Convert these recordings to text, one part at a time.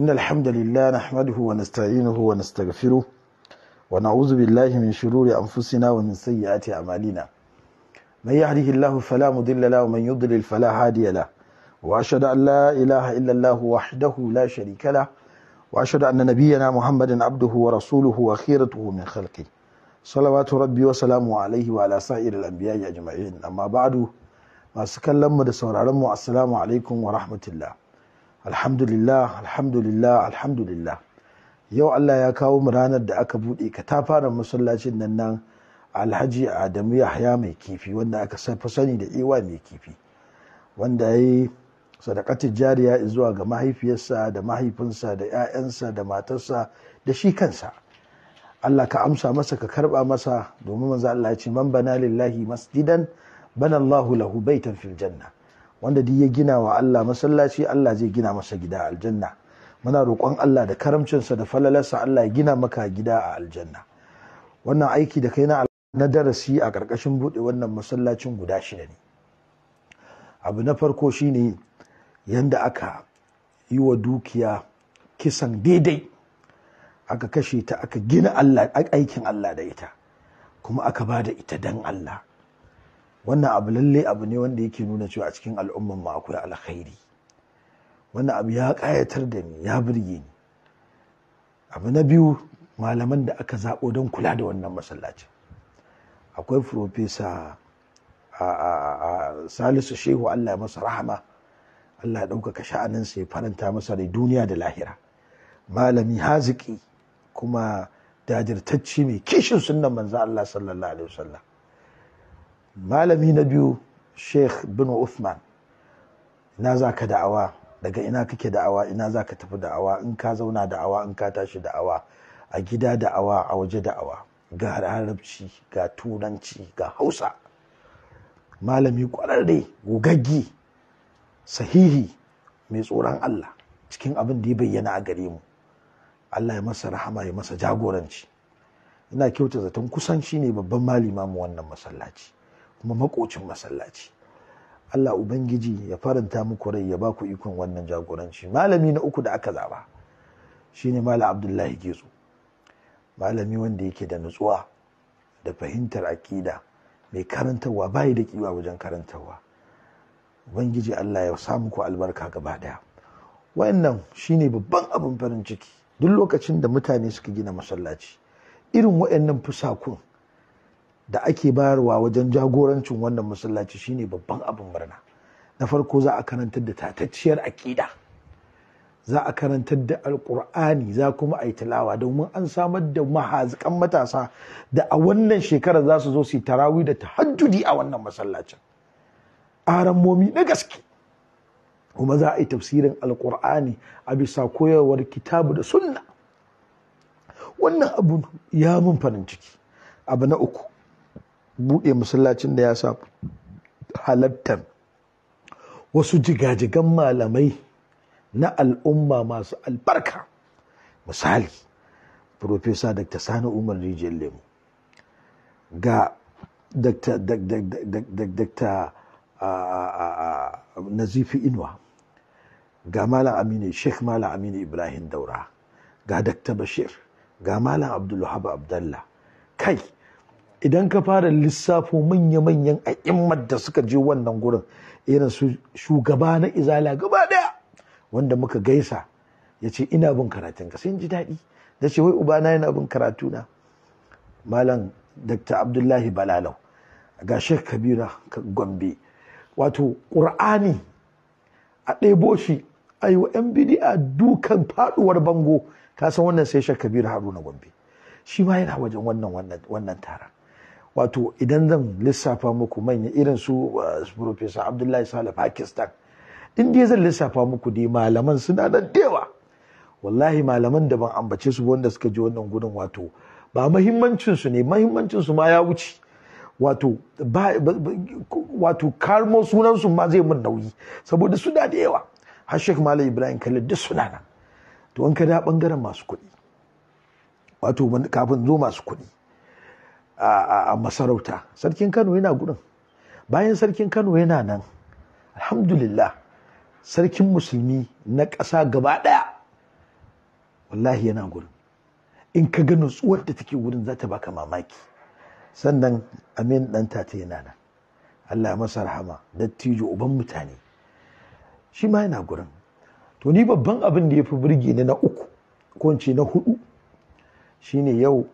إن الحمد لله نحمده ونستعينه ونستغفره ونعوذ بالله من شرور أنفسنا ومن سيئات أعمالنا من يهده الله فلا مضل له ومن يضلل فلا هادي له وأشهد أن لا إله إلا الله وحده لا شريك له وأشهد أن نبينا محمد عبده ورسوله وخيرته من خلقه صلوات ربي وسلامه عليه وعلى سائر الأنبياء أجمعين أما بعد masu kallon mu da sauraron mu assalamu alaikum wa rahmatullah alhamdulillah alhamdulillah alhamdulillah yau Allah ya kawo mu ranar da aka buɗe ka ta fara masallacin nan nan alhaji adamu yahya mai kifi wanda aka fi sani da iwa mai kifi wanda ya yi sadakatin jariya zuwa ga mahaifiyarsa da mahaifinsa da 'ya'yansa da matarsa da shi kansa Allah ka amsa masa ka karba masa domin manzo Allah ya ce man bana lillahi masjidan bana Allahu lahu baitan fil janna wanda duk ya gina wa Allah masallaci Allah zai gina masa gida a aljanna muna roƙon Allah da karamcinsa da falalarsa Allah ya gina maka gida a aljanna wannan aiki da kai na na darasi a ƙarƙashin buɗe wannan masallacin guda shida ne abu na farko shine yanda aka yi wa dukiya kisan daidai aka kashe ta aka gina Allah aikin Allah da ita kuma aka ba da ita dan Allah wannan abu lalle abu ne wanda yake nuna cewa a cikin al'umman mu akwai alkhairi wannan abu ya kayatar da ni ya burge ni abu na biyu malaman da aka zaɓo don kula da wannan masallacin akwai profesa salisu shehu allah ya masa rahama allah ya ɗaukaka sha'aninsa ya faranta masa rai duniya da lahira malami haziki kuma jajirtacce mai kishin sunnan manzo allah sallallahu alaihi wasallam malami na biyu sheikh bin uthman ina za ka da'awa daga ina kake da'awa ina za ka tafi da'awa in ka zauna da'awa in ka tashi da'awa a gida da'awa a waje da'awa ga harabci ga turanci ga hausa malami kwararre gugaggi sahihi mai tsoron allah cikin abin da ya bayyana a gare mu allah ya masa rahama ya masa jagoranci ina kyauta zaton kusan shine babban malima mu wannan masallaci kuma makocin masallaci Allah ubangiji ya faranta muku rai ya ba ku ikon wannan jagoranci malami na uku da aka zaba shine malam Abdullahi Getsu malami wanda yake da nutsuwa da fahimtar akida mai karantarwa bai da kiwa wajen karantarwa ubangiji Allah ya sa muku albarka gaba daya wannan shine babban abin farin ciki duk lokacin da mutane suka gina masallaci irin waɗannan fusakun da ake bayarwa wajen jagorancin wannan masallaci shine babban abin murna na farko za a karantar da tatacciyar aƙida za a karantar da alƙur'ani za kuma a yi tilawa domin an samar da mahazikan matasa da a wannan shekarar za su zo su yi tarawi da tahajjudi a wannan masallacin momi na gaske kuma za a yi tafsirin alƙur'ani a bisa koyarwar kitabu da sunna wannan abu ya mun farin ciki abu na uku buɗe masallacin da ya sa halattar wasu jigajigan malamai na al'umma masu albarka misali Profesa Dr. Sani Umar Rijiyar Lemo, ga Dr. Nazifi Inuwa ga Malam Aminu Sheikh Malam Aminu Ibrahim Daura ga Dr. Bashir ga Malam abdullahi Abdallah kai idan ka fara lissafo manya-manyan a'immar da suka je wannan gurin irin su shugaba na izala gaba daya wanda muka gaisa ya ce ina bin karatun ka Sun ji daɗi da ce wai ubana yana bin karatu na malam dr abdullahi balalau ga shek kabira gombe wato ƙur'ani a ɗebo shi a yi wa dukan faɗuwar bango ka san wannan sai shek kabira haruna gombe shi ma yana wajen wannan wannan taron wato idan zan lissafa muku manya irin su uh, professor abdullahi sale pakistan in dai zan lissafa muku dai malaman suna nan dewa wallahi malaman da ban ambace su wanda suka ji wannan gudun wato ba mahimmancin su ne mahimmancin su ma ya wuce wato ba wato kalmo sunan su ma zai mun nauyi saboda suna da yawa har Sheikh Malam Ibrahim Khalil duk suna nan to an ka da bangaren masu kuɗi wato kafin zo masu kuɗi a masarauta sarkin kano yana gurin bayan sarkin kano yana nan alhamdulillah sarkin musulmi na ƙasa gaba ɗaya wallahi yana gurin in ka ga nutsuwar da take wurin za ta baka mamaki sannan amin ɗan tata yana nan Allah ya masa rahama dattijo uban mutane shi ma yana gurin to ni babban abin da ya fi burge ni na uku ko na hudu shine yau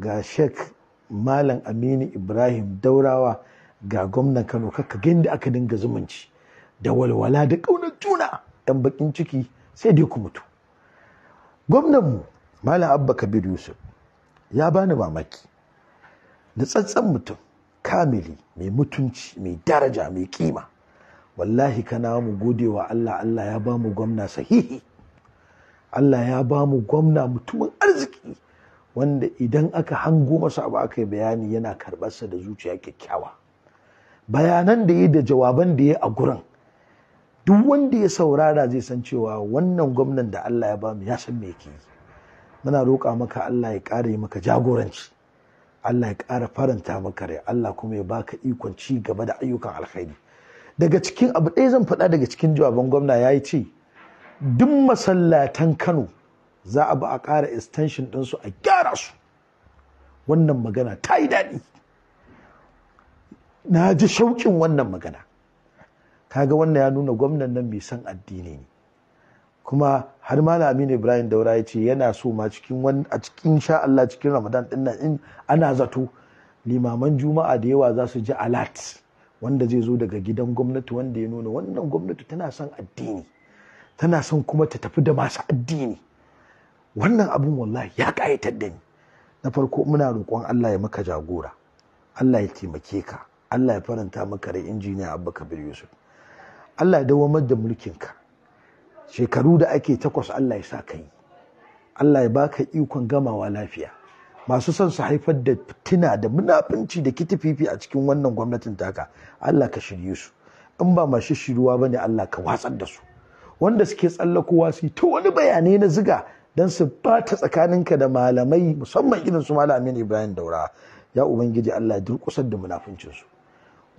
ga shek malam aminu ibrahim daurawa ga gwamnan kano kaka gani da aka dinga zumunci da walwala da ƙaunar juna ɗan bakin ciki sai dai ku mutu gwamnanmu malam abba kabir yusuf ya bani mamaki da tsatsan mutum kamili mai mutunci mai daraja mai kima wallahi kana mu gode wa allah allah ya ba mu gwamna sahihi allah ya ba mu gwamna mutumin arziki wanda idan aka hango masa abu aka yi bayani yana karɓarsa da zuciya kyakkyawa bayanan da ya da jawaban da ya a gurin duk wanda ya saurara zai san cewa wannan gwamnan da Allah ya ba mu ya san me yake yi muna roƙa maka Allah ya ƙara maka jagoranci Allah ya ƙara faranta maka rai Allah kuma ya baka ikon ci gaba da ayyukan alkhairi daga cikin abu ɗaya zan faɗa daga cikin jawaban gwamna ya yi ce duk masallatan Kano za a bi a ƙara extension ɗinsu a gyara su wannan magana ta yi daɗi na ji shauƙin wannan magana kaga wannan ya nuna gwamnan nan mai san addini ne kuma har Aminu ibrahim daura ya ce yana so ma a cikin sha cikin ramadan ɗinnan, nan in ana zato limaman juma'a da yawa za su ji alat wanda zai zo daga gidan gwamnati wanda ya nuna wannan gwamnati tana son addini tana son kuma ta tafi da masu addini wannan abin wallahi ya ƙayatar da ni na farko muna roƙon Allah ya maka jagora Allah ya taimake ka Allah ya faranta maka rai injiniya Abba Kabir Yusuf Allah ya dawamar da mulkin ka shekaru da ake takwas Allah ya sa ka yi Allah ya baka ikon gamawa lafiya masu son su haifar da fitina da munafunci da kitififi a cikin wannan gwamnatin taka Allah ka shirye su in ba masu shiruwa bane Allah ka watsar da su wanda suke tsallakowa su ta wani bayanai na ziga dan su bata tsakaninka da malamai musamman irin su malamin Ibrahim Daura ya ubangiji Allah durkusar da munafuncinsu. su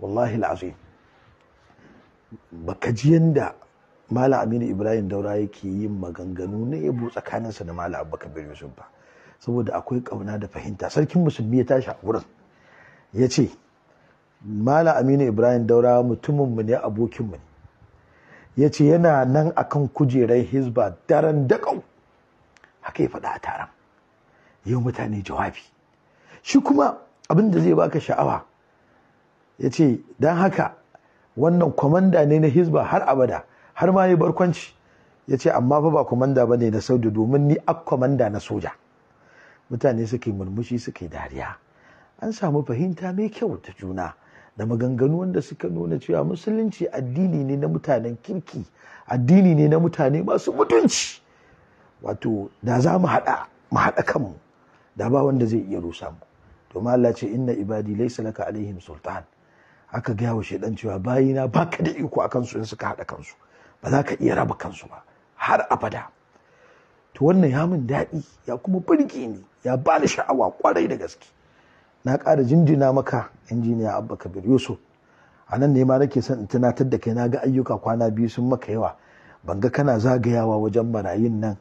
wallahi alazim baka ji yanda Malam Aminu Ibrahim Daura yake yin maganganu na yabo tsakaninsa da Malam Abubakar Yusuf ba saboda akwai kauna da fahimta sarkin musulmi ya tashi a wurin ya ce Malam Aminu Ibrahim Daura mutuminmu ne abokinmu ne ya ce yana nan akan kujerar Hizba daren daƙau. haka ya faɗa a taron yau mutane jawabi shi kuma abin da zai baka sha'awa ya ce don haka wannan kwamanda ne na hizba har abada har ma ya barkwanci ya ce amma fa ba kwamanda ba ne na saudi domin ni ak kwamanda na soja mutane suke murmushi suke dariya an samu fahimta mai kyau ta juna da maganganu wanda suka nuna cewa musulunci addini ne na mutanen kirki addini ne na mutane masu mutunci wato da za mu haɗa mu haɗa kanmu da ba wanda zai iya rusa mu to Allah ce inna ibadi laysa laka alaihim sultan aka gaya wa ɗan cewa bayina baka da iko akan su in suka haɗa kansu ba za ka iya raba kansu ba har abada to wannan ya min daɗi ya kuma burge ni ya bani sha'awa kwarai da gaske na ƙara jinjina maka injiniya abba kabir yusuf a nan ne ma nake son in tunatar da kai na ga ayyuka kwana biyu sun maka yawa ban ga kana zagayawa wajen marayun nan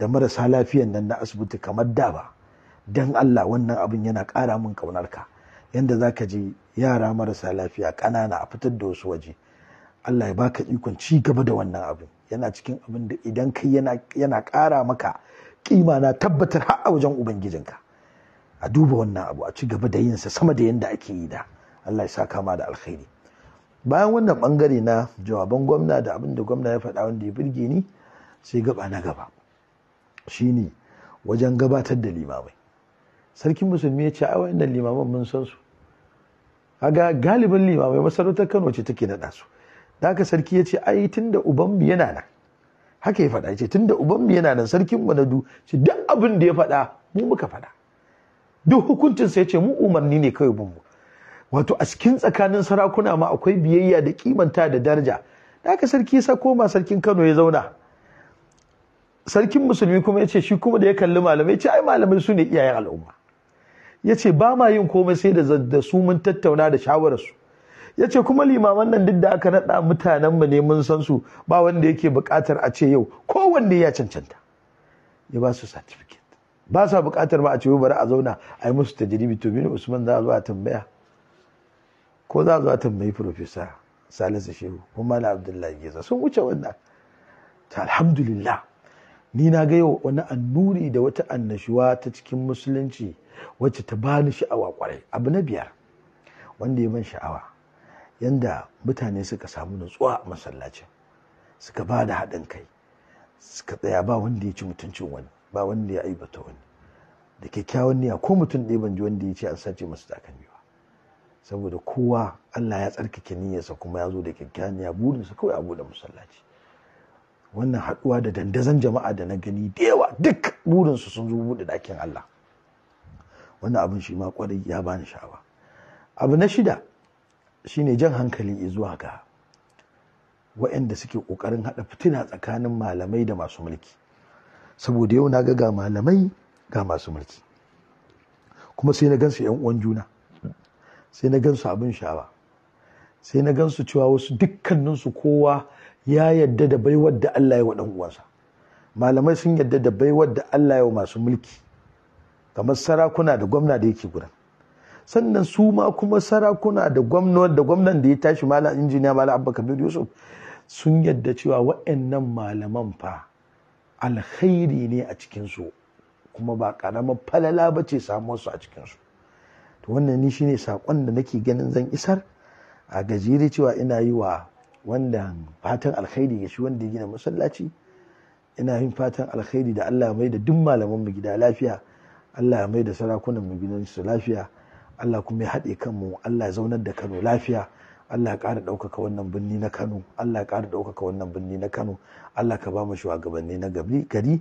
da marasa lafiyan nan na asibiti kamar da ba don Allah wannan abin yana ƙara min ƙaunar ka yanda za ka je yara marasa lafiya ƙanana a fitar da wasu waje Allah ya baka ikon ci gaba da wannan abin yana cikin abin da idan kai yana ƙara maka ƙima na tabbatar har a wajen ubangijinka a duba wannan abu a ci gaba da yinsa sama da yanda ake yi da Allah ya sa kama da alkhairi bayan wannan bangare na jawaban gwamna da abin da gwamna ya faɗa wanda ya birge ni sai gaba na gaba shine wajen gabatar da limamai sarkin musulmi ya ce a wayannan Limamai mun san su kaga galibin limamai masarautar Kano ce take naɗa su da haka sarki ya ce ai tunda ubanmu yana nan haka ya faɗa ce tunda ubanmu yana nan sarkin mu na du shi duk abin da ya faɗa mu muka faɗa duk hukuncin sa ce mu umarni ne kawai bumu. mu wato a cikin tsakanin sarakuna ma akwai biyayya da kimanta da daraja da haka sarki ya sa koma sarkin Kano ya zauna sarkin musulmi kuma ya ce shi kuma da ya kalli malamai ce ai malamai su ne iyayen al'umma ya ce ba ma yin komai sai da su mun tattauna da shawararsu ya ce kuma limaman nan duk da aka naɗa mu ne mun san su ba wanda yake buƙatar a ce yau kowanne ya cancanta ya ba su certificate ba sa buƙatar ma a ce bari a zauna a yi musu tajiribi to bin usman za a zo a tambaya ko za a zo a tambayi profesa salisu shehu kuma na abdullahi geza sun wuce wannan ta alhamdulillah ni na ga yau wani annuri da wata annashuwa ta cikin musulunci wacce ta ba ni sha'awa kwarai abu na biyar wanda ya ban sha'awa yanda mutane suka samu nutsuwa a masallacin suka ba da haɗin kai suka tsaya ba wanda ya ci mutuncin wani ba wanda ya aibata wani da kyakkyawan niyya ko mutum ɗaya ban ji wanda ya ce an sace masu takan ba saboda kowa Allah ya tsarkake niyyarsa kuma ya zo da kyakkyawan niyya burinsa kawai a buɗe masallaci wannan haɗuwa da dandazon jama'a da na gani da yawa duk burinsu sun zo buɗe ɗakin Allah wannan abin shi ma kwarai ya bani sha'awa abu na shida shine jan hankali zuwa ga waɗanda suke ƙoƙarin haɗa fitina tsakanin malamai da masu mulki saboda yau na ga ga malamai ga masu mulki kuma sai na gansu yan uwan juna sai na gansu abin sha'awa sai na gansu cewa wasu dukkaninsu kowa ya yadda da baiwar da Allah ya wa dan uwansa malamai sun yadda da baiwar da Allah ya wa masu mulki kamar sarakuna da gwamna da yake gudan. sannan su ma kuma sarakuna da gwamnan da gwamnan da ya tashi malam injiniya malam abba kabir yusuf sun yadda cewa waɗannan malaman fa alkhairi ne a cikinsu kuma ba karamar falala ba ce samuwarsu a cikinsu to wannan ni shine saƙon da nake ganin zan isar a gajere cewa ina yi wa wanda fatan alkhairi ya shi wanda ya gina masallaci ina yin fatan alkhairi da Allah mai da duk malaman mu gida lafiya Allah mai da sarakunan mu gidan su lafiya Allah kuma ya haɗe kanmu Allah ya zaunar da Kano lafiya Allah ya ƙara ɗaukaka wannan birni na Kano Allah ya ƙara ɗaukaka wannan birni na Kano Allah ka ba mu shugabanni na gari